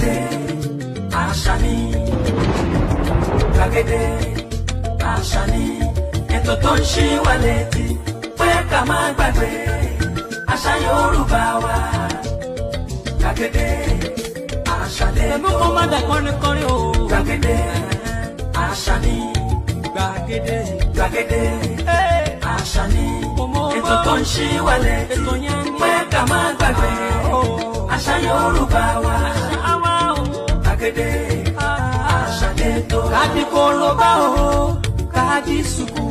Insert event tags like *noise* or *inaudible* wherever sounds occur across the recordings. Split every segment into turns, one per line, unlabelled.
gbàgede àṣà ni gbàgede àṣà ni ètò tó ń ṣí wa létí pé ká má gbàgbé àṣà Yorùbá wa gbàgede àṣà ni. ẹ̀mú má dà kọrin kọrin o. gbàgede àṣà ni. gbàgede gbàgede ètò tó ń ṣí wa létí pé ká má gbàgbé ah, oh. àṣà Yorùbá wa gbàgede àṣàlẹ̀tò. kájí kóró bá o kájí sùkú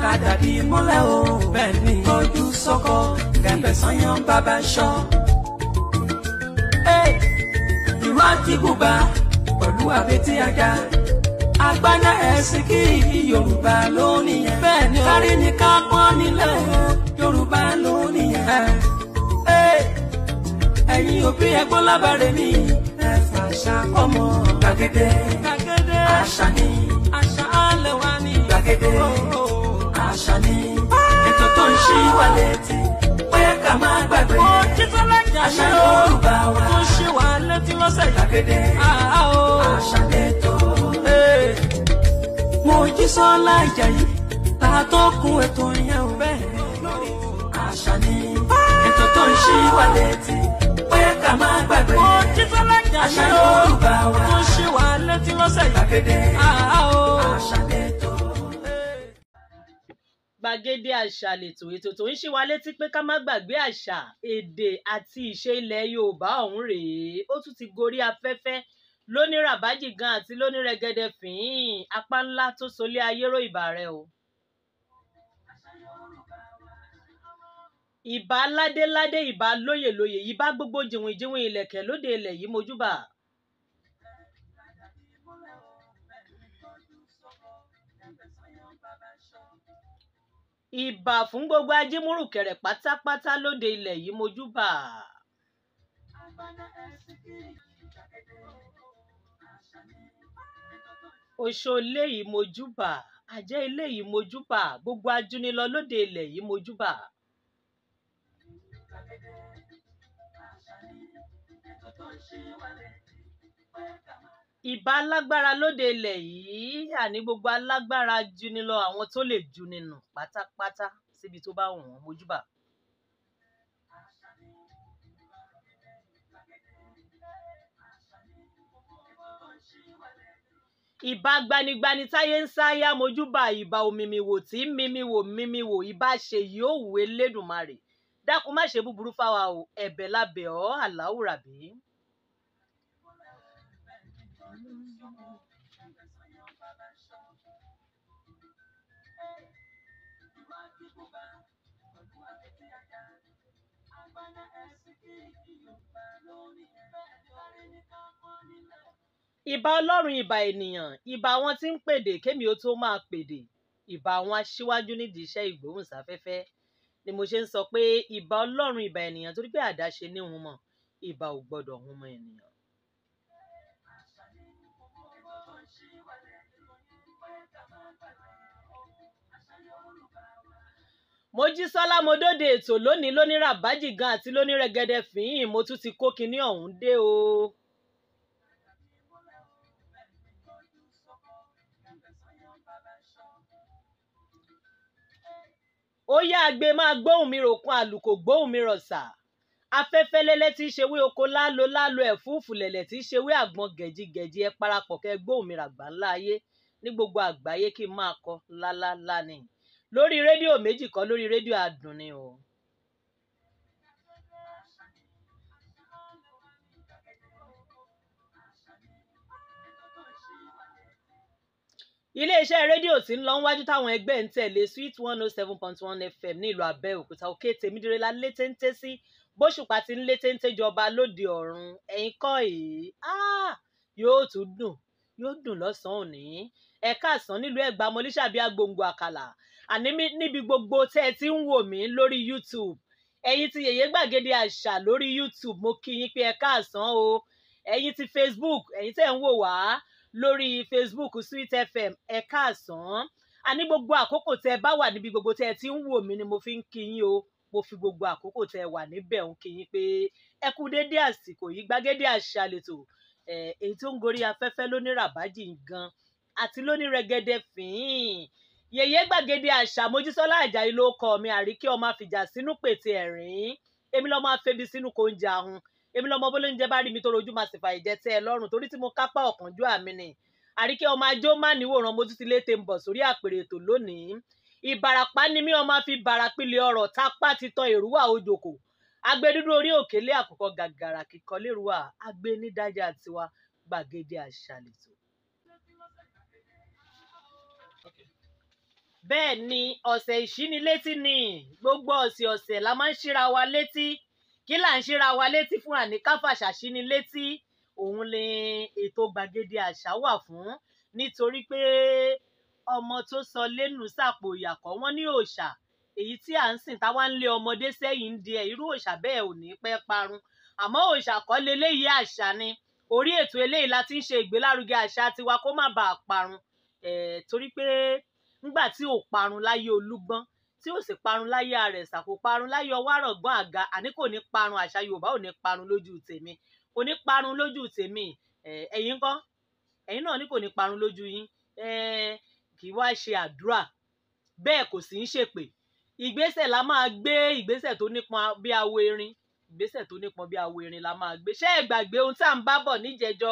kàdàbí mọ́lẹ̀ o bẹ́ẹ̀ ni ojú sọ́kọ kẹ̀mbẹ̀ sanyán bàbá ṣọ́. ìlú àtibúba pẹ̀lú àbètí ajá agbada ẹ̀sìn kí yorùbá ló nìyẹn bẹ́ẹ̀ ni kárí ni ká pọ́n nílẹ̀ yorùbá ló nìyẹn ẹ̀yin òbí ẹ̀gbọ́n lábàárẹ̀ mi àṣà ọmọ gbàgede gbàgede àṣà ni àṣà alẹ́ wa ni gbàgede oh, oh. àṣà ni ah. ètò tó ń ṣí wa létí ó ká má gbàgbé àṣà Yorùbá wa tó ṣí wa létí lọ́sẹ̀ gbàgede ah, ah, oh. àṣà lẹ́tọ̀. Eh. Mojísọ́lá Ìjàyí ta tó kún ètò yẹn ò bẹ́ẹ̀ lórí àṣà ni ètò tó ń ṣí wa létí pé ká má gbàgbé. ó jí fẹ́lẹ́ jà ní o tó ṣe wà létí lọ́sẹ̀ yìí. gbàgede ah, ah, àṣàlẹ̀ tó.
gbàgede àṣà lètò ètò tó ń ṣe wa létí pé ká má gbàgbé àṣà èdè àti ìṣe ilẹ̀ yorùbá ọ̀hún rèé ó tún ti gorí afẹ́fẹ́ lóníràbájì gan àti lónírẹ̀gẹ̀dẹ̀ fìhín apá ńlá tó solé ayérò ìbàrẹ̀ o. ìbá ládéládé ìbá lóyèlóyè ìbá gbogbo jìnwìn jìnwìn ìlẹ̀kẹ̀ lóde ilẹ̀ yìí mojúbà. ìbà fún gbogbo ajímúrùkẹ̀rẹ̀ pátápátá lóde ilẹ̀ yìí mojúbà. oṣó ilé yìí mojúbà àjẹ́ ilé yìí mojúbà gbogbo ajúnilọ lóde ilẹ̀ yìí mojúbà. ìbá lágbára lóde ilẹ̀ yìí àní gbogbo alágbára juni lọ àwọn tó lè juni nù pátápátá síbi tó bá wù wọ́n mojúbà. ìbá gbanigbani táyé ń sáyà mojúbà ìbá omimiwò tí mímiwò mímiwò ìbá ṣe yóò wù Elédùmarè dákun má ṣe búburú fáwa o ẹ̀bẹ̀ lábẹ́ ọ́ aláwùrábí. ìbà ọlọ́run ìbà ènìyàn ìbà àwọn tí ń pèdè kémi ó tó máa pèdè ìbà àwọn aṣíwájú nídìí iṣẹ́ ìgbóhùnsáfẹ́fẹ́ ni mo ṣe ń sọ pé ìbà ọlọ́run ìbà ènìyàn torí pé àdáṣe ní hun mọ̀ ìbà ò gbọ́dọ̀ hun mọ́ ènìyàn. mojísọ́lá mọdọdẹ ètò lónìí lónírà bájìgàn àti lónírẹgẹdẹ fìyìn mo tún ti kó kinní ọ̀hún dé o. ó yá agbe máa gbóhùn mi ròkun àlùkò gbóhùn mi rọ̀ṣà afẹ́fẹ́ lẹ́lẹ́ tí í ṣe wé oko lálo lálo ẹ̀fúùfù lẹ̀lẹ̀ tí í ṣe wé àgbọn gẹ̀jigẹ̀ji ẹ parapọ̀ kẹ́ gbóhùn mi ràgbà ńlá ayé ní gbogbo àgbáyé kí n máa kọ lálálá ni lórí rédíò méjì kan lórí rédíò àdùn o. iléeṣẹ́ rédíò tí ń lọ wájú táwọn ẹgbẹ́ ń tẹ̀lé sweet one oh seven point one fm ní ìlú abẹ́òkúta òkè tèmídérélá létéńté sí bóṣùpá ti ń létéńté jọba lóde ọ̀run ẹ̀yìn kọ́ èyí ah! yóò tún dùn yóò dùn lọ́sàn-án òní ẹ káàsán nílùú ẹ̀gbá ọmọlúṣàbí agbòǹgbò àkàlà àní níbi gbogbo tẹ́ ẹ ti ń wò mí lórí youtube ẹ̀yin ti yèyé gbàgede àṣà lórí youtube mo kí yín pé ẹ káàsán o ẹ̀yin ti facebook ẹ̀yin tẹ́ ẹ ń wò wá lórí facebook sweet fm ẹ káàsán àní gbogbo àkókò tẹ́ ẹ bá wà níbi gbogbo tẹ́ ẹ ti ń wò mí ni mo fi ń kí yín o mo fi gbogbo àkókò tẹ́ ẹ wà níbẹ̀ ń kí yín pé ẹ kú déédéé àsìkò yìí gbàgede àṣà lètò èyí tó ń gorí afẹ́fẹ́ lóníràbájì gan àti lóní rẹ̀gẹ̀dẹ̀ fìhín yèyé gbàgede àṣà mojísọ́lá àjàyí ló kọ mi àríkí ọmọ àfìjà sínú pètè ẹ̀rín èmi lọ́mọ afẹ́bi sínú kò ń jà hun èmi lọ́mọ bó ló ń jẹ bá rí mi tó rojú máa sì fàyè jẹ tẹ́ ẹ lọ́rùn torí tí mo kápá ọ̀kánjú àmì ni àríkí ọmọ ajó má níwòran mo tún ti lété ń bọ̀ sórí àpèrè ètò lónìí ìbàràpá ni mí ọmọ fi bàràpìlẹ̀ ọ̀rọ̀ tápá ti tan èrúwà ojòkò agbẹdúdú orí òkèlé àkùkọ gàgàrà kíkọ lérúwà agbẹnidájà tiwa gbàgede àṣà bẹ́ẹ̀ ni ọ̀sẹ̀ ìṣínilétí ni gbogbo ọ̀sẹ̀ ọ̀sẹ̀ la máa ń ṣíra wa létí kí là ń ṣíra wa létí fún àníkáfà ṣàṣínilétí òun ni ètò gbàgede àṣà wà fún nítorí pé ọmọ tó sọ lẹ́nu sàpò ìyàkọ́ wọn ní òòṣà èyí tí à ń sìn táwa ń lé ọmọdé sẹ́yìn ń di ẹ̀ irú òòṣà bẹ́ẹ̀ ò ní pẹ́ parun àmọ́ òòṣà kọ́ leléyìí àṣà ni orí ètò eléyìí la ń ṣe ìgbélárugẹ àṣà tiwa kó má bàa parun Eh, torí pé ńgbà tí ò parun láyé olúgbọ́n tí ò sì parun láyé àrẹ̀sà kò parun láyé ọwọ́ àrọ̀gbọ́n àga àní kò ní parun àṣà yorùbá ò ní parun lójú tèmi kò ní parun lójú tèmi eh, ẹ̀yin ńkọ́ ẹ̀yin náà ní kò ní parun lójú yín eh, kì í wá ṣe àdúrà bẹ́ẹ̀ kò sì ń ṣèpè ìgbésẹ̀ la máa gbé ìgbésẹ̀ tó nípọn bí awo erin ìgbésẹ̀ tó nípọn bí awo erin la máa gbé ṣé ẹ gbàgbé ohun tá à ń bá bọ̀ níjẹjọ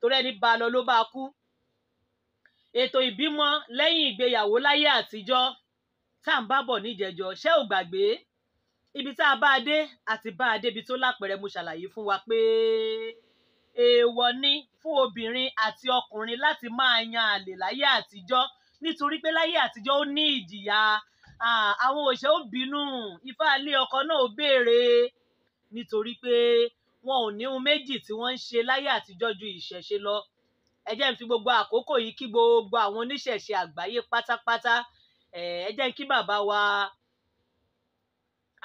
torí ẹni bá lọ ló bá kú ètò ìbímọ lẹ́yìn ìgbéyàwó láyé àtijọ́ tá à ń bá bọ̀ níjẹjọ ṣé ò gbàgbé ibi tá a bá a dé àti bá a débi tó lápẹẹrẹ mo ṣàlàyé fún wa pé èèwọ̀ ni fún obìnrin àti ọkùnrin láti máa yan àlè láyé àtijọ́ nítorí pé láyé àtijọ́ ó ní ìjìyà àwọn òṣè ó bínú ifá ilé ọkọ náà ó béèrè nítorí pé wọn ò ní ohun méjì tí wọ́n ń ṣe láyé àtijọ́ ju ìṣẹ̀ṣe lọ ẹ jẹ́ n fi gbogbo àkókò yìí kí gbogbo àwọn oníṣẹ̀ṣe àgbáyé pátápátá ẹ jẹ́ n kí bàbá wa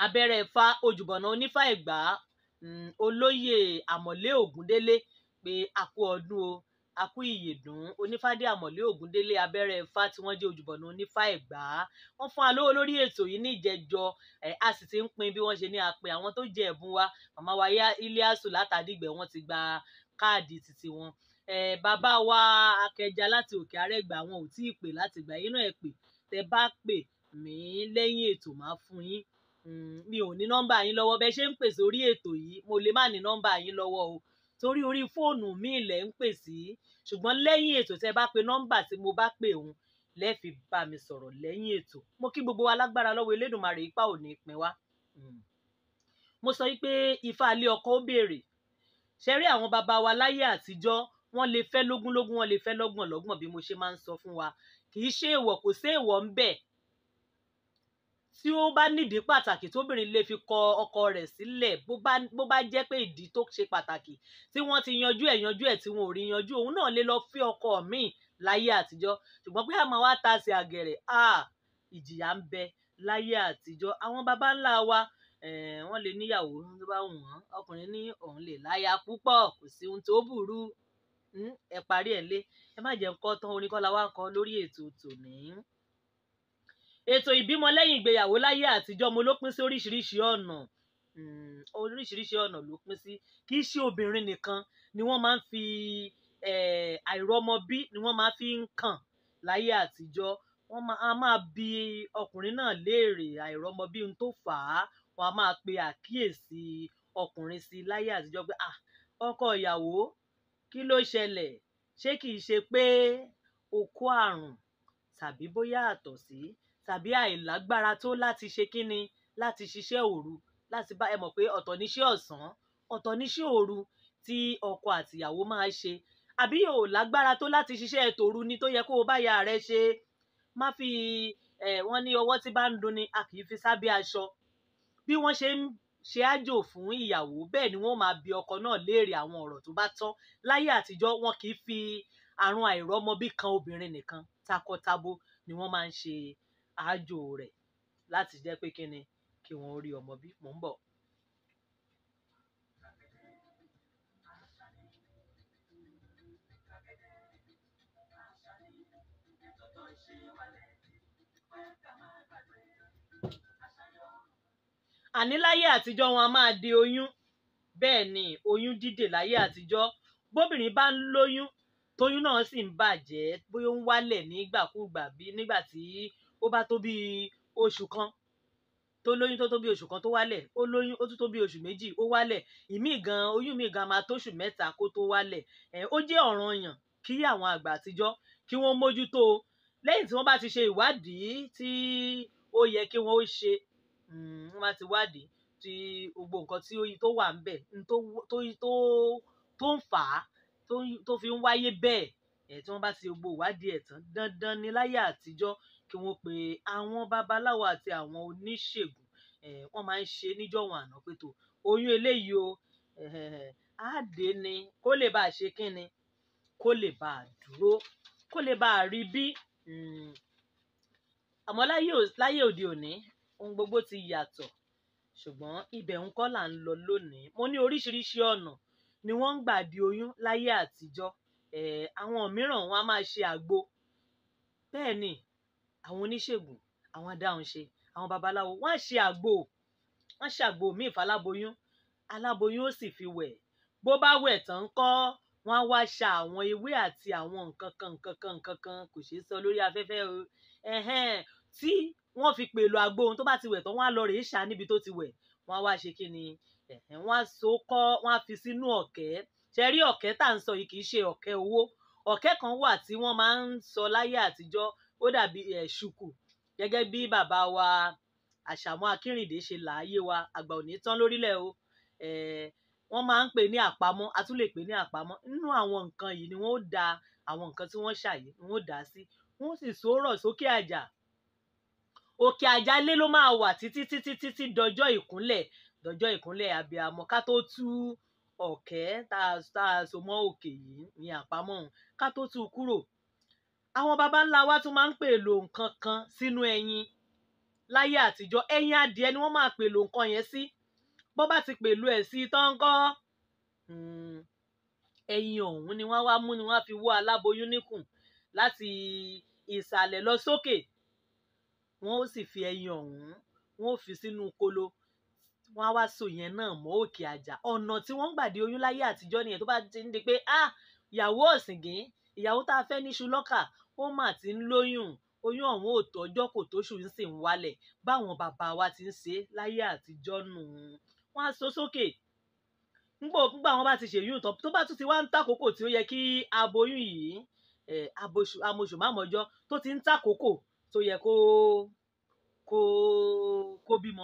abẹ́rẹ́ fa ojúbọ̀nà onífá ẹ̀gbá mm, olóyè àmọ̀lé ògúndélé pé a kú ọdún o a kú ìyèdùn onífádé àmọ̀lé ògúndélé abẹ́rẹ́ fa tí wọ́n jẹ́ ojúbọ̀nà onífá ẹ̀gbá wọ́n fún wa lówó lórí ètò yìí ní ìjẹjọ ẹ̀ a sì ti ń pín bí wọ́n ṣe ní apẹ àwọn tó jẹ ẹ̀bùn wa màmá wa ilé àṣù látàdígbẹ̀ wọ́n ti gba káàdì títí wọn bàbá wa Akẹja láti òkè àrẹgbà àwọn ò tí ì pè láti gbà yín náà ẹ pè tẹ bá pè mí lẹ́yìn ètò máa fún yín hmm, mi ò ní nọ́mbà yín lọ́wọ́ bẹ ṣe ń pè sórí ètò yìí mo lè má ní nọ́mbà yín lọ́wọ́ o torí orí fóònù mi ilẹ̀ ń pè sí ṣùgbọ́n lẹ́yìn ètò tẹ bá pe nọ́mbà tí mo bá pè òun lẹ́ẹ̀fi bá mi sọ̀rọ̀ lẹ́yìn ètò mo kí gbogbo wa lágbára lọ́wọ́ Elédùmarè ipá ò ní pín wá. Hmm. mo sọ pé ifá ilé ọkọ ó béèrè ṣe rí àwọn bàbá wa láyé àtijọ́ wọ́n lè fẹ́ lógúnlógún wọ́n lè fẹ́ lọ́gbọ̀n lọ́gbọ̀n bí mo ṣe máa ń sọ fún wa kì í ṣe èèwọ̀ kò sí èèwọ̀ ń bẹ tí ó bá nídìí pàtàkì tóbìnrin lè fi kọ ọkọ rẹ̀ sílẹ̀ bó bá jẹ́ pé ìdí tó ṣe pàtàkì tí wọ́n ti yanjú ẹ̀ yanjú ẹ̀ tí wọn ò rí yanjú òun náà lè lọ fi ọkọ míì láyé àtijọ́ ṣùgbọ́n pé àmọ́ wá ta sí àgẹ̀rẹ̀ ìjìyà ń bẹ láyé àtijọ́ àwọn baba ńlá wa wọ́n lè níyàwó tó bá wù wọ́n ọkùnrin ní òun lè láya púpọ̀ kò sí ohun tó burú Hm, ẹ parí ẹ̀ lé ẹ má jẹ́ nǹkan tán orin kọ́lá wa kọ lórí ètò tòní. ètò ìbímọ lẹ́yìn ìgbéyàwó láyé àtijọ́ mo ló pín sí oríṣiríṣi ọ̀nà hmm, oríṣiríṣi ọ̀nà ló pín sí kì í ṣe obìnrin nìkan ni wọ́n máa ń fi àìrọ́mọbí ni wọ́n máa fi ń kàn láyé àtijọ́ wọ́n a máa bi ọkùnrin náà léèrè àìrọ́mọbí ohun tó fà á wọ́n a máa pe àkíyèsí ọkùnrin sí láyé àtijọ́ pé ọkọ ìyàwó kí ló ṣẹlẹ ṣé kìí ṣe pé o kó àrùn tàbí bóyá àtọ̀sí tàbí àìlágbára tó láti ṣe kíni láti ṣiṣẹ́ òru láti bá ẹ mọ̀ pé ọ̀tọ̀ níṣẹ́ ọ̀sán ọ̀tọ̀ níṣẹ́ òru tí ọkọ àtìyàwó máa ṣe àbí ò lágbára tó láti ṣiṣẹ́ tòru ni tó yẹ kó o bá ya rẹ ṣe má fi wọ́n ní ọwọ́ tí bá ń dunni a kì í fi sábẹ́ aṣọ bí wọ́n ṣe ń ṣe àjò fún ìyàwó bẹ́ẹ̀ ni wọ́n máa bi ọkọ náà léèrè àwọn ọ̀rọ̀ tó bá tọ́ láyé àtijọ́ wọn kì í fi àrùn àìrọ́mọbí kan obìnrin nìkan takọtabo ni wọ́n máa ń ṣe àjò rẹ̀ láti jẹ́ pé kí ni kí wọ́n rí ọmọ bí mò ń bọ̀. àní láyé àtijọ́ wọn a máa de oyún bẹ́ẹ̀ ni oyún dídè láyé àtijọ́ bóbìnrin bá ń lóyún tóyún náà sì ń bàjẹ́ bóyá ó ń wálẹ̀ nígbàkúùgbà bí nígbà tí ó bá tó bí oṣù kan tó lóyún tó tó bí oṣù kan tó wálẹ̀ ó lóyún ó tún tó bí oṣù méjì ó wálẹ̀ ìmíì gan oyún míì gan máa tóṣù mẹ́ta kó tó wálẹ̀ ẹ̀ ó jẹ́ ọ̀ranyàn kí àwọn àgbà àtijọ́ kí wọ́n mójútó lẹ́yìn tí wọ́n bá ti ṣe ìwádìí tí ó yẹ kí wọ́n ó ṣe Mm, wọ́n bá ti wádìí tí gbogbo nǹkan tí oyin tó wà ń bẹ̀ tó ń fà á tó fi ń wáyé bẹ́ẹ̀ ẹ̀ tí wọ́n bá ti gbogbo ìwádìí ẹ̀ tán dandan ni láyé àtijọ́ kí wọ́n pe àwọn babaláwo àti àwọn oníṣègùn wọ́n máa ń ṣe níjọ́wọ̀n àná pé tó oyún eléyìí o á dé ni kó lè bá a ṣe kí ni kó lè bá a dúró kó lè bá a rí bí mm, àmọ́ láyé òde òní ohun gbogbo ti yàtọ̀ ṣùgbọ́n ibẹ̀ ń kọ́ là ń lọ lónìí mo ní oríṣiríṣi ọ̀nà ni wọ́n ń gbà di oyún láyé àtijọ́ àwọn mìíràn wọn a máa ṣe àgbo bẹ́ẹ̀ ni àwọn oníṣègùn àwọn adáhunṣe àwọn babaláwo wọ́n á ṣe àgbo wọ́n á ṣe àgbo míì faláboyún aláboyún ó sì fi wẹ̀ bó bá wẹ̀ tán kọ́ wọ́n á wá ṣa àwọn ewé àti àwọn nǹkan nǹkan kan nǹkan kan kò ṣeé sọ lórí afẹ́fẹ́ o tí wọ́n fi pèlò àgbo ohun tó bá ti wẹ̀ tán wọ́n á lọ rèé ṣá níbi tó ti wẹ̀ wọ́n á wá ṣe kí ni wọ́n á so kọ́ wọ́n á fi sínú ọ̀kẹ́ ṣe rí ọ̀kẹ́ tá à ń sọ yìí kì í ṣe ọ̀kẹ́ owó ọ̀kẹ́ kan wà tí wọ́n máa ń sọ láyé àtijọ́ ó dàbí ẹ̀ ṣùkù bí bàbá wa àṣàmú akínrìndé ṣe láàyè wa àgbà ò ní tán lórílẹ̀ o wọ́n máa ń pè ní àpamọ́ a pè ní àpamọ́ nínú àwọn nǹkan yìí ni wọ́n ó da àwọn nǹkan tí wọ́n ṣàyè wọ́n ó dà á sí wọ́n sì sọ̀rọ̀ sókè àjà òkè àjálé ló máa wà títí títí títí dọjọ́ ìkúnlẹ̀ dọjọ́ ìkúnlẹ̀ abiyamọ ká tó tú ọ̀kẹ́ tá a so mọ́ òkè yìí ní àpamọ́ ká tó tú kúrò àwọn baba ńlá wa tún máa ń pè lò nǹkan kan sínú ẹyin láyé àtijọ́ ẹyin adìẹ ni wọ́n máa pè lò nǹkan yẹn sí bọ́ bá ti pè lò ẹ̀ sí tọ́ńkọ́ hmm, ẹyin ọ̀hún ni wọ́n wá mú ni wọ́n fi wọ́ aláboyún níkùn láti ìsàlẹ̀ lọ sókè. So wọ́n ó sì fi ẹyin ọ̀hún wọ́n ó fi sínú kolo wọ́n á wá so yẹn náà mọ́ òkè àjà ọ̀nà tí wọ́n ń gbà dé oyún láyé àtijọ́ nìyẹn tó bá ti ń di pé ah ìyàwó ọ̀sìngín ìyàwó tá a fẹ́ níṣu lọ́kà ó mà ti ń lóyún oyún ọ̀hún ò tọ́jọ́ kò tóṣù ń sì ń wálẹ̀ báwọn bàbá wa ti ń ṣe láyé àtijọ́ nù wọ́n á so sókè nígbà nígbà wọn bá ti ṣèyún tán tó bá tún ti wá ń tàkókò tí ó yẹ kí aboyún yìí amoṣù mámọjọ tó ti ń tàkókò tó yẹ kó kó kó bímọ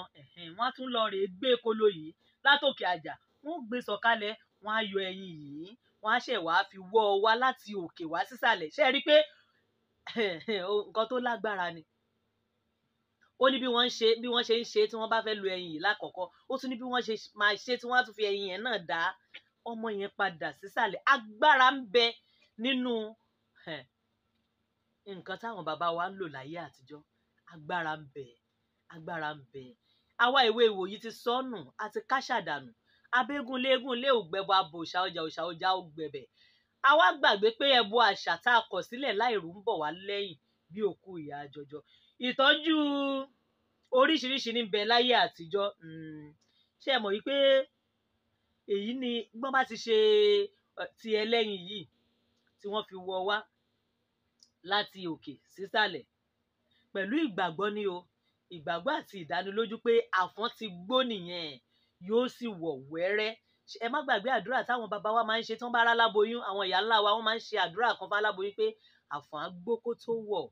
wọn á tún lọ rèé gbé kóló yìí látòkè àjà wọn gbé sọ̀kalẹ̀ wọn á yọ ẹyin yìí wọn á ṣe wàá fi wọ́ ọ wá láti òkè wá sísàlẹ̀ ṣe é rí i pé nǹkan tó lágbára ni ó ní bí wọ́n ṣe bí wọ́n ṣe ń ṣe tí wọ́n bá fẹ́ lu ẹyin yìí lákọ̀ọ́kọ́ ó tún ní bí wọ́n ṣe máa ṣe tí wọ́n á tún fi ẹyin yẹn náà dá ọmọ yẹn padà sísàlẹ̀ agbára ń bẹ nínú nǹkan táwọn bàbá wa ń lò láyé àtijọ́ agbára ń bẹ agbára ń bẹ àwa ìwé ìwòyí ti sọnù àti káṣàdànù abégúnlégún lé ògbẹbọ abòṣà ọjà òṣà ọjà ògbẹbẹ àwa gbàgbé pé ẹbọ àṣà tá a kọ̀ sílẹ̀ láìrú ń bọ̀ wá lẹ́yìn bí òkú ìyá jọjọ ìtọ́jú oríṣiríṣi ní bẹ láyé àtijọ́ hmm, ṣé mọ̀ wípé èyí ni gbọ́n bá ti ṣe eh, ti ẹlẹ́yin yìí tí wọ́n fi wọ wá láti òkè sísàlẹ̀ pẹ̀lú ìgbàgbọ́ ni o ìgbàgbọ́ àti ìdánilójú pé àfọ́n ti gbó nìyẹn yóò sì wọ̀ wẹ́rẹ́ ẹ má gbàgbé àdúrà táwọn bàbá wa máa ń ṣe tán bá aláboyún àwọn ìyá ńlá wa wọ́n máa ń ṣe àdúrà kan fún aláboyún pé àfọ́n á gbó kó tó wọ̀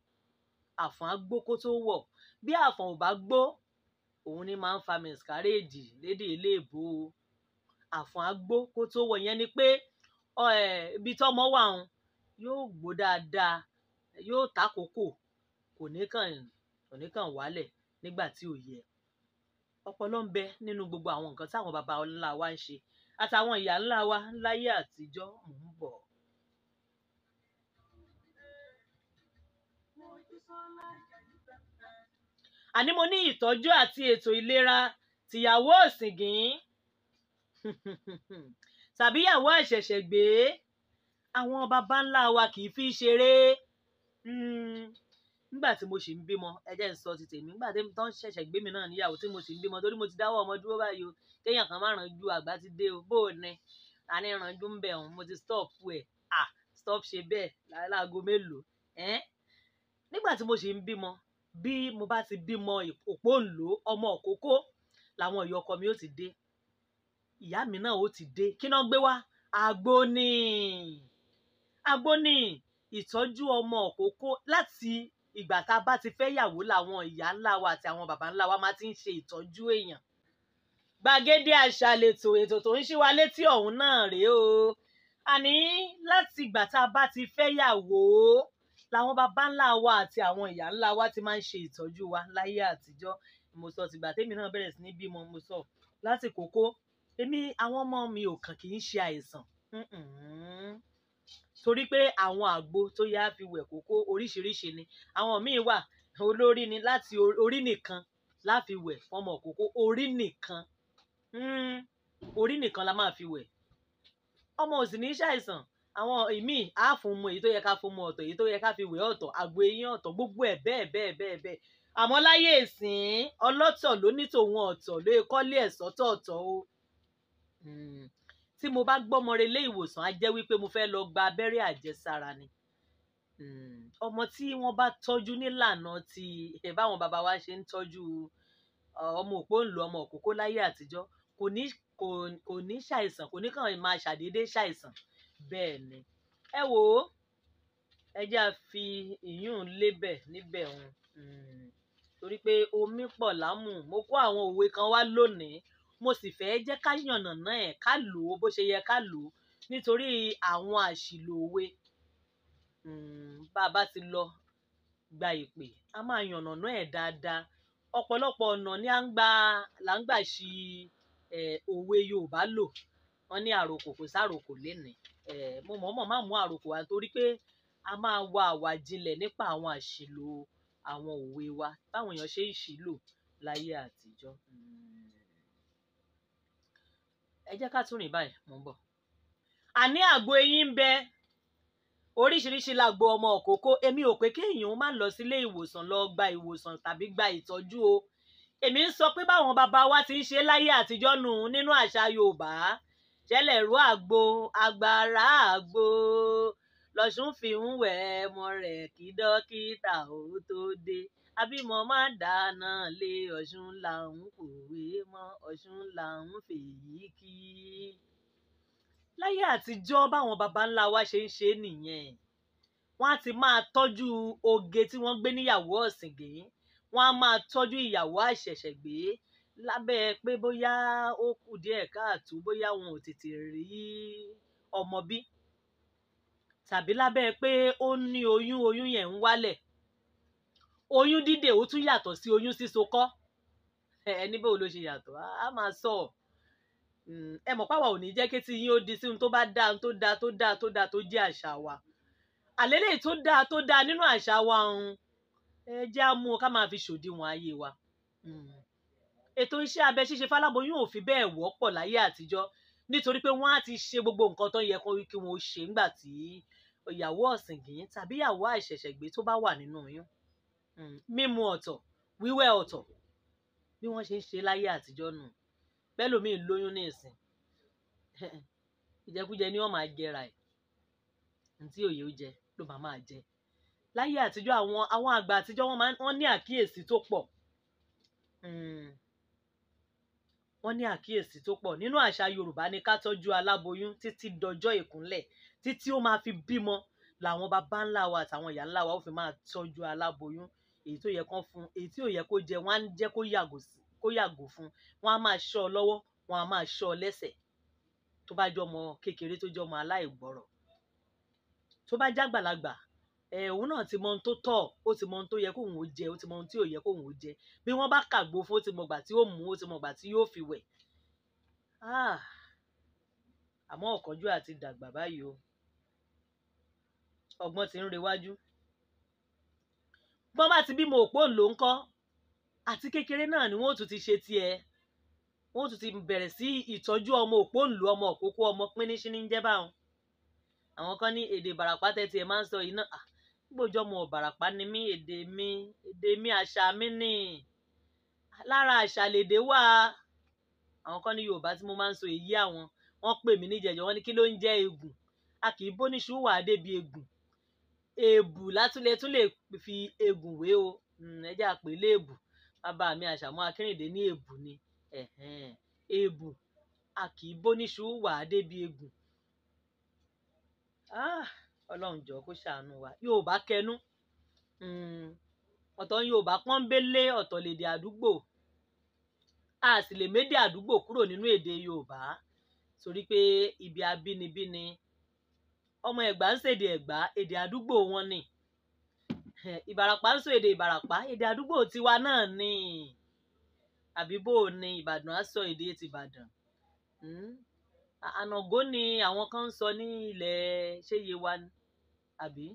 àfọ́n á gbó kó tó wọ̀ bí àfọ́n ò bá gbó òun ni máa ń fa mẹ̀síkárèèdì lédè iléèbó àfọ́n á gbó kó tó wọ̀ yẹn ni pé ibi tọ́mọ wà ń yóò gbó dáadáa yóò takòókò kò ní kàn kò ní kàn wálẹ̀ nígbà tí ò yẹ ọpọlọ ń bẹ nínú gbogbo àwọn nǹkan táwọn baba ńlá wa ń ṣe àtàwọn ìyá ńlá wa láyé àtijọ́ mò ń bọ̀. àní mo ní ìtọ́jú àti ètò ìlera tìyàwó òsìngín *laughs* tàbíyàwó àṣẹ̀ṣẹ̀ gbé àwọn baba ńlá wa kì í fi ṣeré Hmm, nígbà tí mo sì ń bímọ ẹ jẹ́ n sọ ti tèmi nígbà tí tó ń ṣẹ̀ṣẹ̀ gbé mi náà níyàwó tí mo sì ń bímọ torí mo ti dáwọ́ ọmọ dúró báyìí o téèyàn kan má ranjú àgbà ti dé o bó o ní àní ranjú ń bẹ̀ ọ̀hún mo ti stop ẹ̀ à stop ṣe bẹ́ẹ̀ láago mélòó ẹ́n nígbà tí mo sì ń bímọ bí mo bá ti bímọ òpóǹlò ọmọ òkókó làwọn ìyá ọkọ mi ó ti dé ìyá mi náà ó ti dé kí náà gbé wá àgbóní àgbóní ìtọ́jú ọmọ òkókó láti ìgbà tá a bá ti fẹ́ yàwó làwọn ìyá ńlá wa àti àwọn bàbá ńlá wa máa ti ń ṣe ìtọ́jú èèyàn gbàgede àṣà lètò ètò tó ń ṣí wa létí ọ̀hún náà rèé o àní láti ìgbà tá a bá ti fẹ́ yàwó làwọn bàbá ńlá wa àti àwọn ìyá ńlá wa ti máa ń ṣe ìtọ́jú wa láyé àtijọ́ mo sọ tìgbà tèmi náà bẹ̀rẹ̀ sí ní bímọ mo sọ láti kókó èmi àwọn ọmọ mi ò kàn kì í ṣe àìsàn torí pé àwọn àgbo tó yá fi wẹ̀ kókó oríṣiríṣi ni àwọn míì wà olórí ni láti orí nìkan láfi wẹ̀ fọmọ kókó orí nìkan hmm, orí nìkan la máa fi wẹ̀ ọmọ ò sì ní ṣàìsàn àwọn ìmíì á fún mu èyí tó yẹ ká fún mu ọ̀tọ̀ èyí tó yẹ ká fi wẹ̀ ọ̀tọ̀ àgbo eyín ọ̀tọ̀ gbogbo ẹ̀ bẹ́ẹ̀ bẹ́ẹ̀ bẹ́ẹ̀ bẹ́ẹ̀ àmọ́ láyé ìsìn ọlọ́tọ̀ ló ní tòun ọ̀tọ̀ ló kọ́lé ẹ̀ sọ́tọ̀ọ̀tọ̀ o hmm tí mo bá gbọ́mọ rẹ ilé ìwòsàn á jẹ́ wípé mo fẹ́ lọ gba abẹ́rẹ́ àjẹsára ni hmm, ọmọ tí wọ́n bá tọ́jú nílànà ti báwọn bàbá wa ṣe ń tọ́jú ọmọ òpóǹlò ọmọ òkókó láyé àtijọ́ kò ní kò ní ṣàìsàn kò ní kàn máa ṣàdédé ṣàìsàn bẹ́ẹ̀ ni ẹ wò ó ẹ jẹ́ à fi ìyún lébẹ̀ níbẹ̀ wọn hmm, torí pé omi pọ̀ lámù mo kó àwọn òwe kan wá lónìí mo sì fẹ́ jẹ́ ká yànnàná ẹ̀ ká lò ó bó ṣe yẹ ká lò ó nítorí àwọn àṣìlò òwe hmm, bá a bá ti lọ gba ìpè a máa yànnàná ẹ̀ dáadáa ọ̀pọ̀lọpọ̀ ọ̀nà ni à ń gbà là ń gbà ṣi òwe Yorùbá lò wọ́n ní àròkò kò sáròkò lénìí mo mọ̀ọ́mọ̀ má mú àròkò wá torí pé a máa wá àwà jinlẹ̀ nípa àwọn àṣìlò àwọn òwe wa báwọn èèyàn ṣe ń ṣìlò láyé àtijọ́. Mm ẹ jẹ́ ká tún rìn báyìí mò ń bọ̀. àní àgbo eyín ń bẹ oríṣiríṣi làgbo ọmọ òkókó èmi ò pé kéèyàn má lọ sílé ìwòsàn lọ gba ìwòsàn tàbí gba ìtọ́jú o èmi ń sọ pé báwọn bàbá wa ti ń ṣe láyé àtijọ́ nù nínú àṣà Yorùbá tẹ́lẹ̀ rú àgbo agbára àgbo lọ́sùn fi ń wẹ̀ ẹ́ mọ́ rẹ̀ kí dókítà òun tó dé àbímọ má dáná lé ọ̀ṣun là ń pòwe mọ́ ọ̀ṣun là ń fèyí kí. láyé àtijọ́ báwọn baba ńlá wa ṣe ń ṣe nìyẹn wọ́n á ti máa tọ́jú oge tí wọ́n gbé níyàwó ọ̀sìngé wọ́n á máa tọ́jú ìyàwó àṣẹ̀ṣẹ̀gbé lábẹ́ pé bóyá ó kù díẹ̀ káàtó bóyá wọn ò tètè rí ọmọ bí tàbí lábẹ́ pé ó ní oyún oyún yẹn ń wálẹ̀ oyún dídè ó tún yàtọ̀ sí oyún síso kọ́ ẹni bó ló ṣe yàtọ̀ á máa sọ hmm, ẹ mọ̀ páwa ò ní jẹ́ kí tí ó di sí ohun tó bá dáa tó dáa tó dáa tó dáa tó jẹ́ àṣà wa àlélẹ́ tó dáa tó dáa nínú àṣà wa ọ̀hún ẹ jẹ́ á mú un ká máa fi ṣòdiwọ̀n ayé wa hmm. ètò iṣẹ́ abẹ ṣíṣe fáláboyún ò fi bẹ́ẹ̀ wọ́pọ̀ láyé àtijọ́ nítorí pé wọ́n á ti ṣe gbogbo nǹkan tó yẹ kí wọ́n ṣe ńgbà tí ìyàwó ọ̀sìngín tàbí ìyàwó àìṣẹ̀ṣẹ̀gbé tó bá wà nínú oyún Mm. mímu ọ̀tọ̀ wíwẹ̀ ọ̀tọ̀ bí wọ́n ṣe ń ṣe láyé àtijọ́ nù bẹ́lòmíì lóyún ní ìsìn *laughs* ìjẹkújẹ ni wọ́n máa jẹra ẹ̀ ntí òye ó jẹ ló máa máa jẹ láyé àtijọ́ àwọn àwọn àgbà àtijọ́ wọ́n máa wọ́n ní àkíyèsí tó pọ̀ hmm. wọ́n ní àkíyèsí tó pọ̀ nínú àṣà Yorùbá ni ká tọ́jú aláboyún títí dọjọ́ ìkúnlẹ̀ títí ó máa fi bímọ làwọn baba ńlá wa àtàwọn ìyá ńlá wa ó fi máa tọ́jú aláboyún èyí tó yẹ kán fún èyí tí ò yẹ kó jẹ wọn á jẹ́ kó yàgò fún wọn á máa ṣọ́ ọ lọ́wọ́ wọn á máa ṣọ́ ọ lẹ́sẹ̀ tó bá jẹ́ ọmọ kékeré tó jẹ́ ọmọ aláìgbọ́rọ̀ tó bá jágbàlagbà ẹ òun náà ti mọ ohun tó tọ́ ó ti mọ ohun tó yẹ kóun ó jẹ ó ti mọ ohun tí ò yẹ kóun ó jẹ bí wọ́n bá kàgbó fún ó ti mọ gbà tí ó mú ó ti mọ gbà tí yóò fi wẹ̀ ah! àmọ́ ọ̀kánjú àti dàgbà báyìí o ọgbọ́n ti ń rewájú bọ́n bá ti bímọ òpó ńlò ńkọ́ àti kékeré náà ni wọ́n tún ti ṣe tiẹ̀ wọ́n tún ti bẹ̀rẹ̀ sí ìtọ́jú ọmọ òpó ńlò ọmọ òkókó ọmọ píníṣín ní jẹ́ báwọn àwọn kan ní èdè ìbàràpá tẹ́tí ẹ̀ máa ń sọ yìí náà gbòjọ́ ọmọ ìbàràpá ni mí èdè mi èdè mi àṣà mi nì lára àṣà lèdè wà àwọn kan ní Yorùbá tí mo máa ń sọ èyí àwọn wọ́n pè mí níjẹ̀jọ́ wọ́n ní kí ló ń jẹ́ eégún a kì í bóníṣu wà á débi eégún èèbù látúlẹ̀ tún lè fi ègùn wé o hmm, ẹ jẹ́ àpè léèbù bàbá mi àṣàmú akínrìndé ní èèbù ni èèbù a kì í bóníṣu wà á débi ègùn ah, ọlọ́run jọ kó ṣàánú wa yorùbá kẹnu hmm, ọ̀tọ̀ yorùbá pọ́nbélé ọ̀tọ̀ lédè àdúgbò a sì lè médè àdúgbò kúrò nínú èdè yorùbá torí pé ibi abínibí ni. Bini, ọmọ ẹ̀gbá ń ṣèdè ẹ̀gbá èdè àdúgbò wọn ni ìbàràpá ń sọ èdè ìbàràpá èdè àdúgbò tiwa náà ni àbí ni ìbàdàn á sọ èdè tìbàdàn hmm? ànàgó ni àwọn kan ń sọ ní ilẹ̀ ṣé yewa ni àbí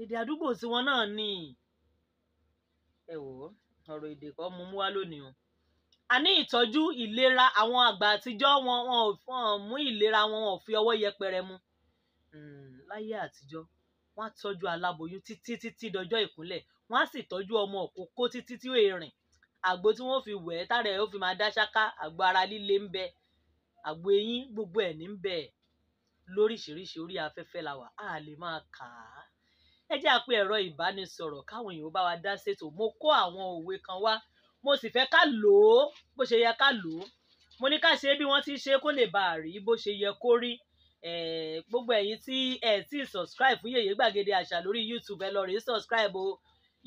èdè àdúgbò tiwọn náà ni ẹ wò ó ọ̀rọ̀ èdè kọ́ mo mú wá lónìí o a ní ìtọ́jú ìlera àwọn àgbà àtijọ́ wọn wọn ò mú ìlera wọn wọn ò fi ọwọ́ yẹpẹrẹ mu. Hmm, láyé àtijọ́ wọ́n á tọ́jú aláboyún títí títí dọjọ́ ìkúnlẹ̀ wọ́n á sì tọ́jú ọmọ òkókó títí tí yóò rìn àgbo tí wọ́n fi wẹ̀ ẹ́ tára ẹ̀ ó fi máa dá ṣáká àgbo ara líle ń bẹ àgbo eyín gbogbo ẹ̀ ní ń bẹ lóríṣiríṣi orí afẹ́fẹ́ la wà á lè máa kà á ẹ jẹ́ àpé ẹ̀rọ ìbánisọ̀rọ̀ káwọn èèyàn bá wa dá ṣètò mo kó àwọn òwe kan wá mo sì fẹ́ ká lò ó bó ṣe yẹ ká lò ó mo ní ká ṣe bí wọ́n ti ṣe kó lè bàa rí bó ṣe yẹ kó rí Eh, gbogbo ẹ̀yin tí ẹ ti subscribe fún yèyé gbàgede àṣà lórí youtube ẹ lọ rèé subscribe o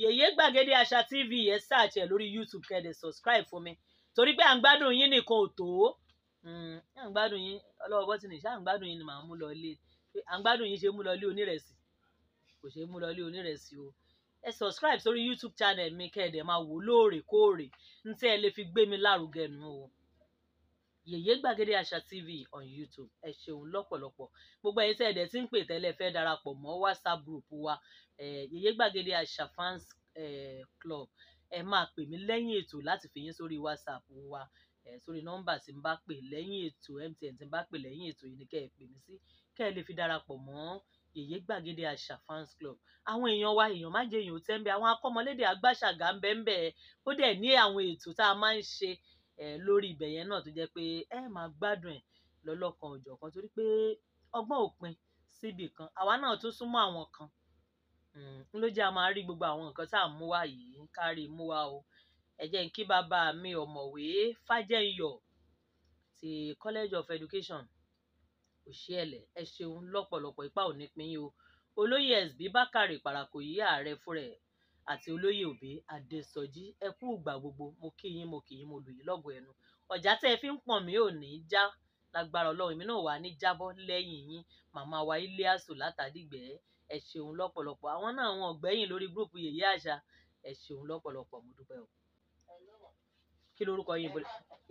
yèyé gbàgede àṣà tv ẹ search ẹ lórí youtube kẹ́ ẹ dẹ̀ subscribe fún mi torí pé à ń gbádùn yín nìkan ò tó hmm, à ń gbádùn yín ọlọ́wọ́ bọ́tì nìṣá à ń gbádùn yín ni màá mú lọ ilé à ń gbádùn yín ṣe mú lọ ilé onírẹ̀sì kò ṣe mú lọ ilé onírẹ̀sì o ẹ subscribe sórí youtube channel mi kẹ́ ẹ dẹ̀ máa wò lóòrèkóòrè ní tí ẹ lè fi gbé mi lárugẹ nù o yèyé gbàgede àṣà tv on youtube ẹ ṣeun lọ́pọ̀lọpọ̀ gbogbo ẹ̀yin tẹ́ ẹ dẹ̀ ti ń pè tẹ́lẹ̀ fẹ́ darapọ̀ mọ́ whatsapp group wa yèyé gbàgede àṣà fans club ẹ máa pè mí lẹ́yìn ètò láti fi yín sórí whatsapp wa sórí nọ́mbà tí n bá pè lẹ́yìn ètò mtn tí n bá pè lẹ́yìn ètò yìí ni kẹ́ ẹ pè mí sí kẹ́ ẹ lè fi darapọ̀ mọ́ yèyé gbàgede àṣà fans club àwọn èèyàn wa èèyàn má jẹ èèyàn tẹ́ńbẹ́ àwọn akọ́mọlédè àgbàṣàgà ń bẹ́ńbẹ́ ó dẹ̀ ní àwọn ètò tá a máa ń ṣe lórí ibẹ̀ yẹn náà tó jẹ́ pé ẹ máa gbádùn ẹ̀ lọ́lọ́kan òjọ̀kan torí pé ọgbọ́n òpin síbì kan àwa náà tó súnmọ́ àwọn kan hmm, n ló jẹ́ a máa rí gbogbo àwọn nǹkan tá à ń mú wá yìí kárí mú wá o ẹ jẹ́ kí bàbá mi ọ̀mọ̀wé fàjẹyọ ti College of Education òṣìẹ̀lẹ̀ ẹ ṣeun lọ́pọ̀lọpọ̀ ipá ò ní pín yín o olóyè ẹ̀sbí bákàrè pàràkò yìí ààrẹ fúnra ẹ̀ àti olóyè òbí adésọjí ẹ kú ìgbà gbogbo mo kí yín mo kì yín mo lù yín lọ́gọ̀ ẹnu ọ̀já tẹ́ ẹ fi ń pọ̀n mí ò ní í já lágbára ọlọ́run èmi náà wà ní jábọ́ lẹ́yìn yín màmá wa iléàsù látàdígbẹ́ ẹ ṣeun lọ́pọ̀lọpọ̀ àwọn náà wọn ọ̀gbẹ́yìn lórí gúrùpù yèyé àṣà ẹ ṣeun lọ́pọ̀lọpọ̀ mo dúpẹ́ o. kí lorúkọ yín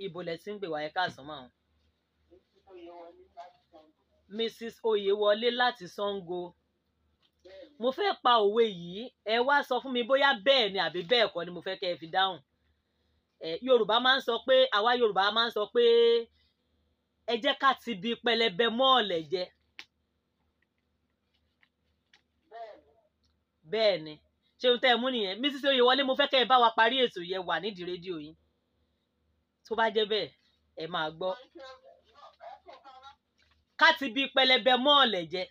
ìbòlẹ̀ tí ń gbè wá káàsán máa ń. Mrs. Oyèwọlé láti Sango mo fẹ́ pa òwe yìí ẹ wá sọ fún mi bóyá bẹ́ẹ̀ ni àbí bẹ́ẹ̀ kọ́ ni mo fẹ́ kẹ́ ẹ fi dáhùn ẹ Yorùbá máa ń sọ pé àwa Yorùbá máa ń sọ pé ẹ jẹ́ ká ti bi pẹlẹbẹ mọ́ọ̀lẹ̀ jẹ bẹ́ẹ̀ ni ṣé o tẹ́ ẹ mú nìyẹn Mrs Oyewole mo fẹ́ kẹ́ ẹ bá wa parí ètò yẹn wà nídìí rédíò yín tó bá jẹ́ bẹ́ẹ̀ ẹ máa gbọ́ ká ti bi pẹlẹbẹ mọ́ọ̀lẹ̀ jẹ.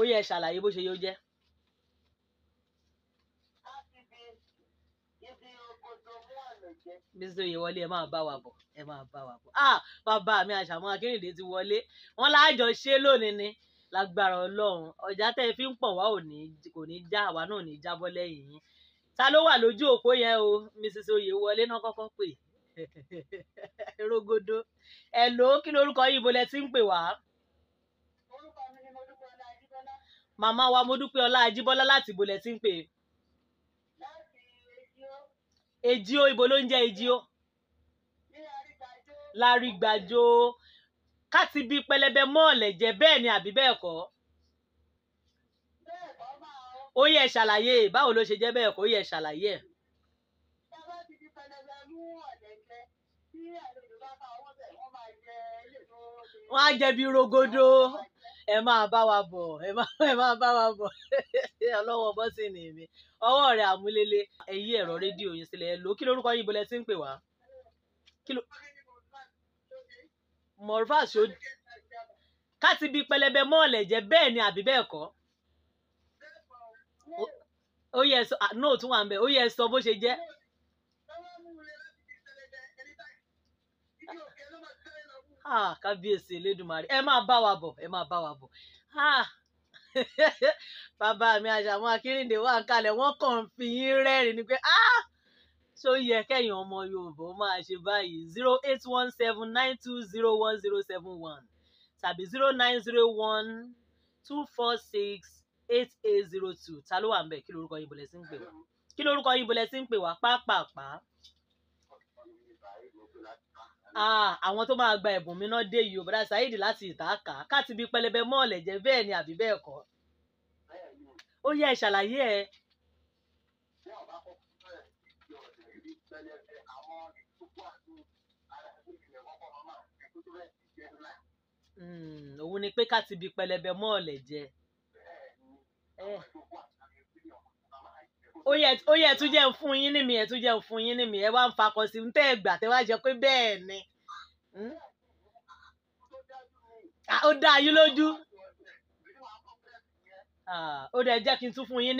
ó yẹ ṣàlàyé bó ṣe yóò jẹ́. Mr. Oyewole ẹ máa bá wa bọ̀ ẹ máa bá wa bọ̀ ah bàbá mi àṣàmọ́ Akínrìndé ti wọlé wọn láàjọ ṣe lónìí ni lágbára Ọlọ́run ọjà tẹ́ ẹ fi ń pọ̀ wá kò ní já àwa náà ní jábọ́ lẹ́yìn yín ta ló wà lójú òpó yẹn o Mrs. Oyewole náà kọ́kọ́ pè rogodo ẹ lò ó kí lórúkọ yìí ibo lẹ ti ń pè wá. màmá wa Modúpẹ́ Ọlá Ajíbọ́lá láti ibo lẹ ti ń pè é. Èjìó ibo ló ń jẹ́ Èjìó. Lárígbàjò ká ti bi pẹlẹbẹ mọ́ọ̀lẹ̀ jẹ́ bẹ́ẹ̀ ni àbí bẹ́ẹ̀ kọ́. Ó yẹ ṣàlàyé báwo ló ṣe jẹ́ bẹ́ẹ̀ kọ́ ó yẹ ṣàlàyé Wọ́n á jẹ bí rogodo ẹ máa bá wa bọ̀ ẹ *laughs* máa bá wa bọ̀ *laughs* ọlọ́wọ́ bọ́ sí ni mi ọwọ́ rẹ̀ àmúlélé ẹ yí ẹ̀rọ rédíò yín sílẹ̀ ẹ lò kí lórúkọ yín ibo lẹ ti ń pè wá. Morfas ṣó ká ti bi pẹlẹbẹ mọ́ọ̀lẹ̀ jẹ́ bẹ́ẹ̀ ni àbí bẹ́ẹ̀ kọ́ ó yẹ sọ no wà ń bẹ ó yẹ sọ bó ṣe jẹ́. ah kábíyèsí elédùnmarè ẹ máa bá wa bọ̀ ẹ máa bá wa bọ̀ ah *laughs* bàbá mi àṣàmú akínrìndé wà ń kalẹ̀ wọ́n kàn ń fi yín rẹ́rìn ni pé ah ṣó yẹ kẹ́yìn ọmọ yorùbá ó máa ṣe báyìí zero eight one seven nine two zero one zero seven one tàbí zero nine zero one two four six eight eight zero two ta ló wà ń bẹ̀ kí lorúkọ yín bọ̀lẹ̀ sí ń pè wá kí lorúkọ yín bọ̀lẹ̀ sí ń pè wá pápápá. Ah, àwọn tó máa gba ẹ̀bùn mi náà dé yìí o bọ́dá Saheed láti ìtaàkà káàtì bíi pẹlẹbẹ mọ́ọ̀lẹ̀ jẹ́ bẹ́ẹ̀ ni àbí bẹ́ẹ̀ kọ́ ó yẹ ìṣàlàyé ẹ. Hmm, òun ni pé káàtì bíi pẹlẹbẹ mọ́ọ̀lẹ̀ jẹ. ó yẹ je jẹ́ fún yín mi ẹ̀ tún jẹ́ fún yín nìmí ẹ wá ń fakọ sí tẹ́ ẹ gbà tẹ́ pé bẹ́ẹ̀ ni hmm? ó dá yín lójú ó dẹ̀ jẹ́ kí n tún fún yín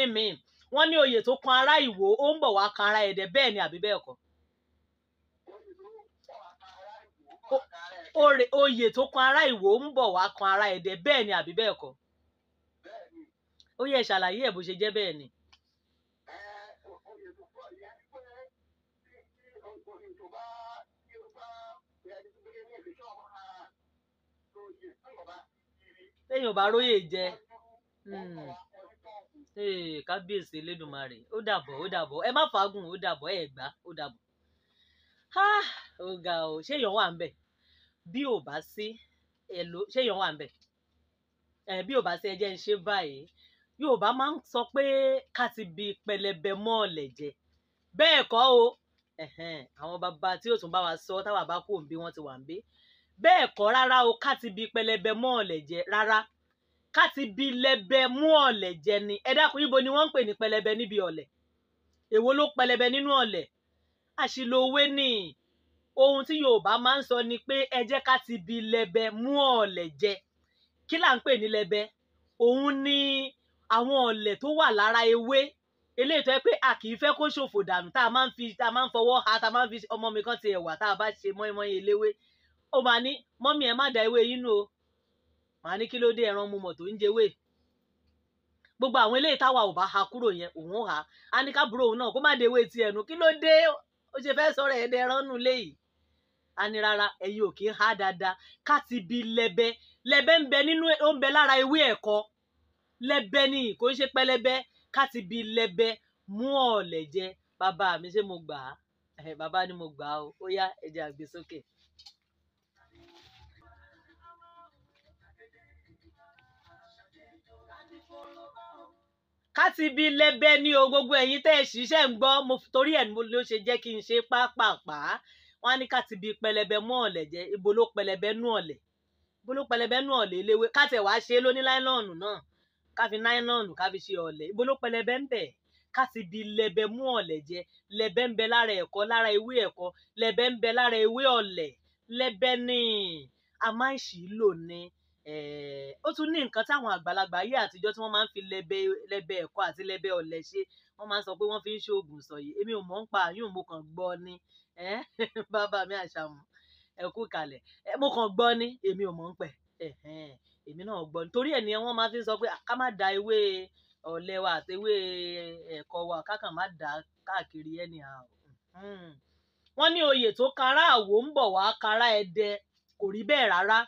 wọ́n ní oyè tó kan ará ìwò ó ń bọ̀ wá kan ará ẹ̀dẹ̀ bẹ́ẹ̀ ni àbí bẹ́ẹ̀ kọ́ oyè tó kan ará ìwò ń bọ̀ wá kan ará ẹ̀dẹ̀ ni àbí bẹ́ẹ̀ téèyàn ò bá róyè jẹ hmm, kábíyèsí elédùnmarè ó dàbọ̀ ó dàbọ̀ ẹ má fagùn ó dàbọ̀ ẹ gbà ó dàbọ̀ ah, ó ga ọ ṣé èèyàn wà ń bẹ̀ bí ò bá sí èlò ṣé èèyàn wà ń bẹ̀ bí ò bá sí ẹjẹ́ ń ṣe báyìí Yorùbá máa ń sọ pé ká ti bi pẹlẹbẹ mọ́ ọ̀lẹ̀ jẹ bẹ́ẹ̀ kọ́ o àwọn bàbá tí yóò tún bá wa sọ táwa bá kú òǹbí wọn ti wà ń bí bẹ́ẹ̀ kọ́ rárá o ká ti bi pẹlẹbẹ mọ́ ọ̀lẹ̀ jẹ rárá ká ti bi lẹbẹ mú ọ̀lẹ̀ jẹ ni ẹ dákun ibo ni wọ́n ń pè ní pẹlẹbẹ níbi ọ̀lẹ̀ èwo ló pẹlẹbẹ nínú ọ̀lẹ̀ àṣìlò ni ohun tí Yorùbá máa ń sọ ni pé ẹ jẹ́ ká ti bi lẹbẹ mú ọ̀lẹ̀ jẹ kí là ń pè ní lẹbẹ òun ni àwọn ọ̀lẹ̀ tó wà lára ewé eléyìí tó yẹ pé a kì í fẹ́ kó ṣòfò dànù tá a máa ń fi tá a máa ń fọwọ́ ha tá a máa ń fi ọmọ mi kan ti ẹ̀wà tá a bá ṣe mọ́ínmọ́ín eléwé ó máa ní mọ́mí ẹ má da ewé yín nù o màá ní kí ló dé ẹran mu mọ̀ tó ń jewé gbogbo àwọn eléyìí táwa ò bá ha kúrò yẹn òun ò ha á ní ká búrò òun náà kó má de ewé ti ẹnu kí ló dé ó ṣe fẹ́ sọ̀rọ̀ ẹ̀ dẹ̀rán nù léyìí á ní rárá ẹ̀yin ò kí ń ha dáadáa ká ti bi lẹ́bẹ́ lẹ́bẹ́ ń bẹ nínú ó ń bẹ lára ewé ẹ̀kọ́ lẹ́bẹ́ ni kò ń ṣe pẹlẹbẹ ká ti bi lẹ́bẹ́ mú ọ̀lẹ̀ jẹ bàbá mi ṣé mo gbà á bàbá ni mo gbà á o ó yá ẹ jẹ́ ká ti bi lẹbẹ ní o gbogbo ẹ̀yin tẹ́ ẹ ṣiṣẹ́ ń gbọ́ mo torí ẹ̀ ló ṣe jẹ́ kí n ṣe pápápá wọ́n á ní ká ti bi pẹlẹbẹ mú ọ̀lẹ̀ jẹ ibo ló pẹlẹbẹ nú ọ̀lẹ̀ ibo ló pẹlẹbẹ nú ọ̀lẹ̀ eléwé ká tẹ wàá ṣe lóní láìlọ́ọ̀nù náà ká fi náìlọ́ọ̀nù ká fi ṣe ọ̀lẹ̀ ibo ló pẹlẹbẹ ń bẹ̀ ká ti bi lẹbẹ mú ọ̀lẹ̀ jẹ lẹbẹ ń bẹ lára ẹ̀kọ́ lára ewé ẹ̀kọ́ lẹbẹ ń bẹ lára ewé ọ̀lẹ̀ lẹbẹ ní àmáìṣí lò ní Eh, ó tún ní nǹkan táwọn àgbàlagbà ayé àtijọ́ tí wọ́n máa ń fi lẹ́bẹ̀ lẹ́bẹ̀ ẹ̀kọ́ àti lẹ́bẹ̀ ọ̀lẹ ṣe wọ́n máa ń sọ pé wọ́n fi ń ṣoògùn sọ̀yì èmi ò mọ̀ ń pa àyùn mo kàn gbọ́ ni *laughs* bàbá mi àṣàmù ẹ kú kalẹ̀ mo kàn gbọ́ ni èmi ò mọ̀ ń pẹ̀ èmi náà gbọ́ nítorí ẹ̀ ni wọ́n máa fi sọ pé ká má da ewé ọ̀lẹ wa àti ewé ẹ̀kọ́ wa kákan má da káàkiri ẹni àrùn hmm. wọ́n ní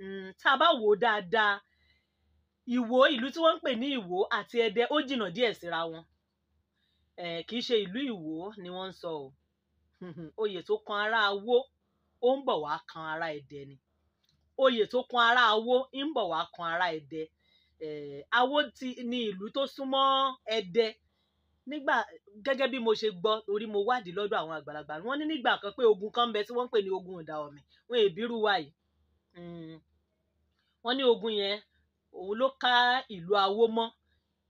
Mm, tá a bá wò ó dáadáa ìwó ìlú tí wọ́n ń pè ní ìwó àti ẹdẹ ó jìnnà díẹ̀ síra wọn kì í ṣe ìlú ìwó ni wọ́n ń sọ o *laughs* oyè tó kan ará awó ó ń bọ̀ wá kan ará ẹdẹ ni oyè tó kan ará awó ń bọ̀ wá kan ará ẹdẹ awó ni ìlú tó súnmọ́ ẹdẹ nígbà gẹ́gẹ́ bí mo ṣe gbọ́ orí mo wádìí lọ́dọ̀ àwọn àgbàlagbà wọ́n ní nígbà kan pé ogun kan ń bẹ tí wọ́n ń pè ní ogun ọ̀dà wọn èbí rú yìí hmm wọ́n ní ogun yẹn òun ló ká ìlú Awó mọ́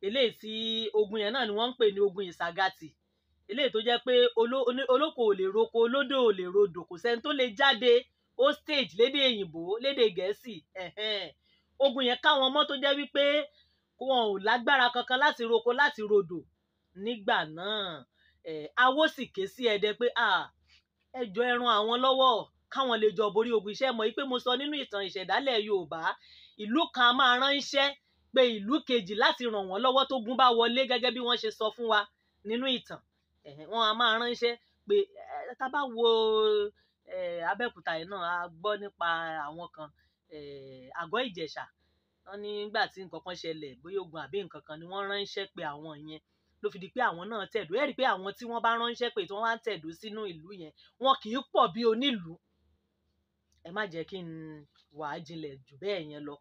eléyìí tí ogun yẹn náà ni wọ́n ń pè ní ogun Ìsàgàtì eléyìí tó jẹ́ pé olóko ò lè roko olódò ò lè rodò kò sẹ́ni tó lè jáde hostage lédè òyìnbó lédè Gẹ̀ẹ́sì ogun yẹn káwọn mọ́ tó jẹ́ wípé wọn ò lágbára kankan láti roko láti rodò nígbà náà Awó sì ké sí Ẹdẹ pé ẹjọ́ ẹ àwọn lọ́wọ́ káwọn lè jọ borí ogun iṣẹ́ mọ̀ pé mo sọ nínú ìtàn ìṣẹ̀dálẹ̀ Yorùbá ìlú kan máa ránṣẹ́ pé ìlú kejì láti ràn wọ́n lọ́wọ́ tó gun bá wọlé gẹ́gẹ́ bí wọ́n ṣe sọ fún wa nínú ìtàn wọ́n a máa ránṣẹ́ pé tá a bá wo Abẹ́òkúta yìí náà a gbọ́ nípa àwọn kan àgọ́ Ìjẹ̀ṣà wọ́n ní nígbà tí nǹkan kan ṣẹlẹ̀ bóyá ogun àbí nǹkan kan ni wọ́n ránṣẹ́ pé àwọn yẹn ló fi di pé àwọn náà tẹ̀dó ẹ̀rí pé àwọn tí wọ́n bá ránṣẹ́ pé tí wọ́n bá tẹ̀dó sínú ìlú yẹn wọn kì í pọ̀ bí onílùú ẹ má jẹ́ kí n wàá jinlẹ̀ jù bẹ́ẹ̀ yẹn lọ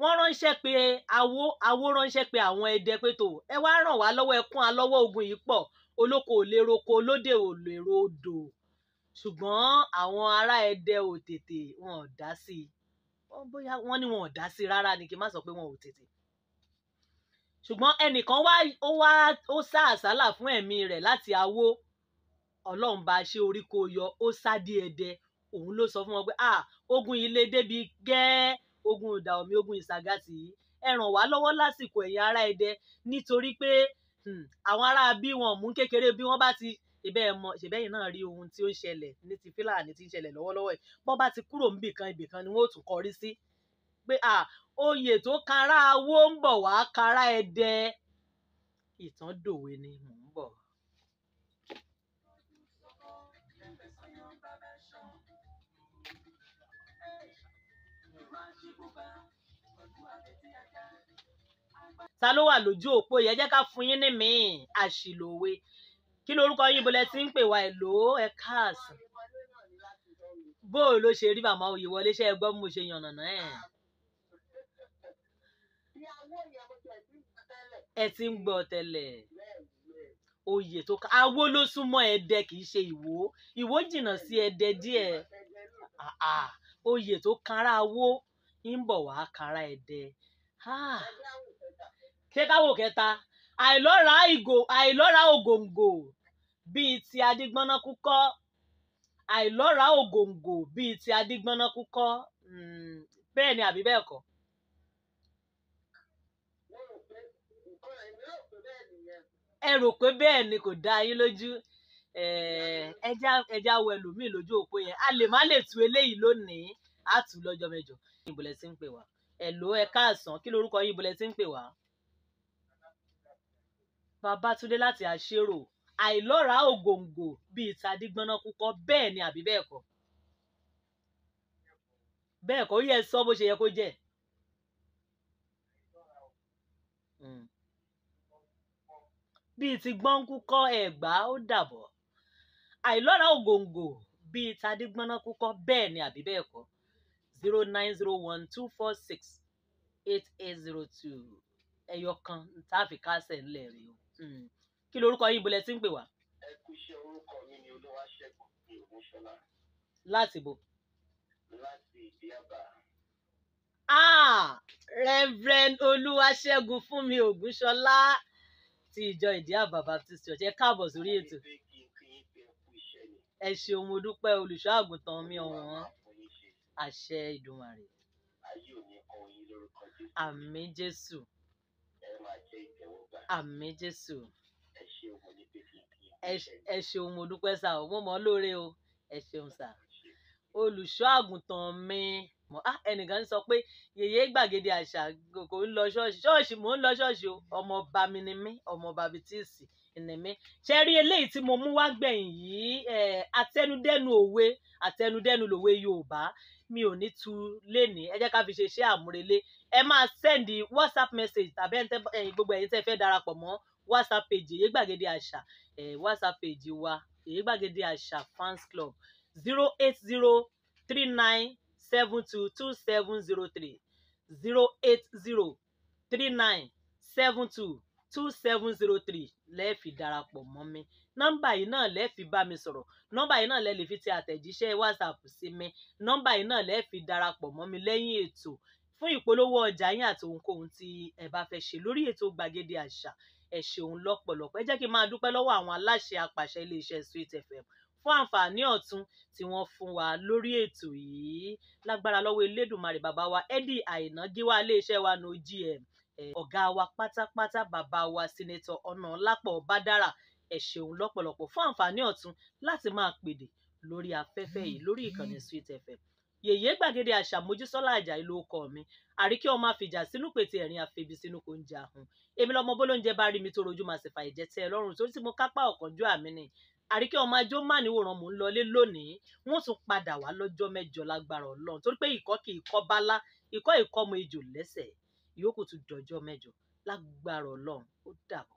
wọ́n ránṣẹ́ pé awo awo ránṣẹ́ pé àwọn ẹdẹ pé tó ẹ wá ràn wá lọ́wọ́ ẹ kún wa lọ́wọ́ ogun yìí pọ̀ olóko ò lè roko olóde ò lè rodò ṣùgbọ́n àwọn ará ẹdẹ ò tètè wọn ò dá sí i bóyá wọ́n ní wọn ò dá sí i rárá ni kí n má sọ pé wọn ò tètè ṣùgbọ́n ẹnìkan wá ó wá ó sá àsálà fún ẹ̀mí rẹ̀ láti awo ọlọ́run bá ṣe orí kó yọ ó sá dé ẹdẹ òun ló sọ fún wọn pé ah ogun yìí lè débi gẹ́ẹ́ ogun ìdà omi ogun ìsàgàtì yìí ẹ ràn wá lọ́wọ́ lásìkò ẹ̀yin ará ẹdẹ nítorí pé hmm, àwọn ará bí wọn mú kékeré bí wọ́n bá ti ìbẹ́ ẹ mọ ṣèbẹ́yìn náà rí ohun tí ó ń ṣẹlẹ̀ ní ti fílàní tí ń ṣẹlẹ̀ lọ́wọ́lọ́wọ́ ẹ̀ bọ́n bá ti kúrò ń bìkan ibìkan ni wọ́n ó tún kọrí sí pé à oyè tó kanra awó ń bọ̀ wá kanra ẹdẹ ìtàn dòwe ni mò ta ló wà lójú òpó yẹn jẹ́ ká fún yín ní míì àṣìlòwe kí lorúkọ yín bolẹ ti ń pè wá èlò ẹ káàsán bó o ló ṣe rí màmá òye wọlé ṣe ẹ gbọ́ mo ṣe yànnàná ẹ̀. ẹ ti ń gbọ́ tẹ́lẹ̀ oyè tó ká awó ló súnmọ́ ẹdẹ kì í ṣe ìwó ìwó jìnnà sí ẹdẹ díẹ̀ oyè tó kára awó ń bọ̀ wá kára ẹdẹ. Ah ṣé káwọ kẹta àìlọ́ra ìgò àìlọ́ra ògòǹgò bíi ti adigbọ́nà kúkọ́ àìlọ́ra ògòǹgò bíi ti adigbọ́nà kúkọ́ hmm, bẹ́ẹ̀ ni àbí bẹ́ẹ̀ kọ́. ẹ rò pé bẹ́ẹ̀ ni kò dá yín lójú ẹja ẹja wọ ẹlòmíì lójú òpó yẹn a lè má lè tu eléyìí lónìí á tù lọ́jọ́ mẹ́jọ. ìbùlẹ̀ tí ń pè wá ẹ̀lò ẹ káàsán kí lorúkọ yín ìbùlẹ̀ tí ń pè wá. Babátúndé láti àṣérò àìlọ́ràá ògòǹgò bíi tàdígbọ́nná kúkọ bẹ́ẹ̀ ni àbí bẹ́ẹ̀ kọ́ bẹ́ẹ̀ kọ́ ó yẹ sọ bó ṣe yẹ kó jẹ́ hmm. bíi ti gbọ́nkú kọ́ ẹ̀gbá ó dàbọ̀ àìlọ́ràá ògòǹgò bíi tàdígbọ́nná kúkọ bẹ́ẹ̀ ni àbí bẹ́ẹ̀ kọ́ zero nine zero one two four six eight eight zero two ẹyọ kan tá a fi kásẹ̀ ńlẹ̀ rèé o. Hmm. kí lorúkọ yín bolẹ̀ tí ń pè wá.
ẹ kú iṣẹ́ orúkọ mi ni olúwaṣẹ́gun ní ògúnṣọlá. láti bo. láti ìdíyàbá.
ah reverend olúwaṣẹ́gun fún mi ògúnṣọlá ti ìjọ ìdíyàbá baptist church ẹ káàbọ̀ sórí ètò. ẹ ṣeun mo dúpẹ́ olùṣọ́ àgùntàn mi ọ̀wọ́n àṣẹ ìdùnmàrè.
ayé òní kan yín lórúkọ
jésù. àmín jésù
máa jẹ́ ìtẹ́wọ́gbà.
àmì jésù.
ẹ ṣeun mo ní bèbí ìdí.
ẹ ṣeun mo dúpẹ́ sá o mo mọ̀ ọ́ lóore o ẹ ṣeun sá. olùṣọ́ àgùntàn mi ah, ẹnìkan sọ pé yèyé gbàgede àṣà kò ń lọ ṣọ́ọ̀ṣì ṣọ́ọ̀ṣì mò ń lọ ṣọ́ọ̀ṣì o ọmọ ọba mi ni mí ọmọ ọba bìtíìsì ni mí ṣe rí eléyìí tí mo mú wá gbẹ̀yìn yìí àtẹnudẹ́nu òwe àtẹnudẹ́nu lòwe yorùbá mi ò ní tu lénìí ẹ jẹ́ ká fi ṣe iṣẹ́ àmúrelé ẹ máa send whatsapp message tàbí ẹ̀yin gbogbo ẹ̀yin tẹ́ fẹ́ darapọ̀ mọ́ whatsapp page èyí gbàgede àṣà whatsapp page wa èyí gbàgede àṣà fans club zero eight zero three nine seven two two seven zero three zero eight zero three nine seven two two seven zero three lẹ́ẹ̀fì darapọ̀ mọ́ mi nọ́mbà yìí náà lẹ́ẹ̀fì bá mi sọ̀rọ̀ nọ́mbà yìí náà lẹ́ẹ̀lì fi ti àtẹ̀jíṣẹ́ whatsapp sí mi nọ́mbà yìí náà lẹ́ẹ̀fì darapọ̀ mọ́ mi lẹ́yìn ètò fún ìpolówó ọjà yín àti ohunkóhun tí ẹ bá fẹ́ ṣe lórí ètò gbàgede àṣà ẹ ṣeun lọ́pọ̀lọpọ̀ ẹ jẹ́ kí n máa dúpẹ́ lọ́wọ́ àwọn aláṣẹ apàṣẹ iléeṣẹ́ Sweet FM fún àǹfààní ọ̀tun tí wọ́n fún wa lórí ètò yìí lágbára lọ́wọ́ Elédùmarè bàbá wa Eddie Àìná gíwá iléeṣẹ́ wa no GM ọ̀gá wa pátápátá bàbá wa Senator Ọ̀nàlápọ̀ Bádàrà ẹ ṣeun lọ́pọ̀lọpọ̀ fún àǹfààní ọ̀tun láti máa pèdè lórí afẹ́fẹ́ yìí lórí ìkànnì Sweet FM yèyé gbàgede àṣà mojísọ́lá àjà ìlú ọkọ mi àríkí ọmọ àfìjà sínú pètè ẹ̀rín àfẹbí sínú kò ń jà hun èmi lọmọ bólóúnjẹ bá rí mi tó rojú màá sì fà ìjẹ tẹ ẹ lọ́rùn tó tí mo kápá ọ̀kánjúwà mi ni àríkẹ́ ọmọ ajó má níwòrán mò ń lọlé lónìí wọ́n tún padà wá lọ́jọ́ mẹ́jọ lágbára ọlọ́run torí pé ìkọ́ kì í kọ́ bálá ìkọ́ ìkọ́ ọmọ ejò lẹ́sẹ̀ ìyókù tún dọjọ́ mẹ́jọ lágbára ọlọ́run ó dàbọ̀.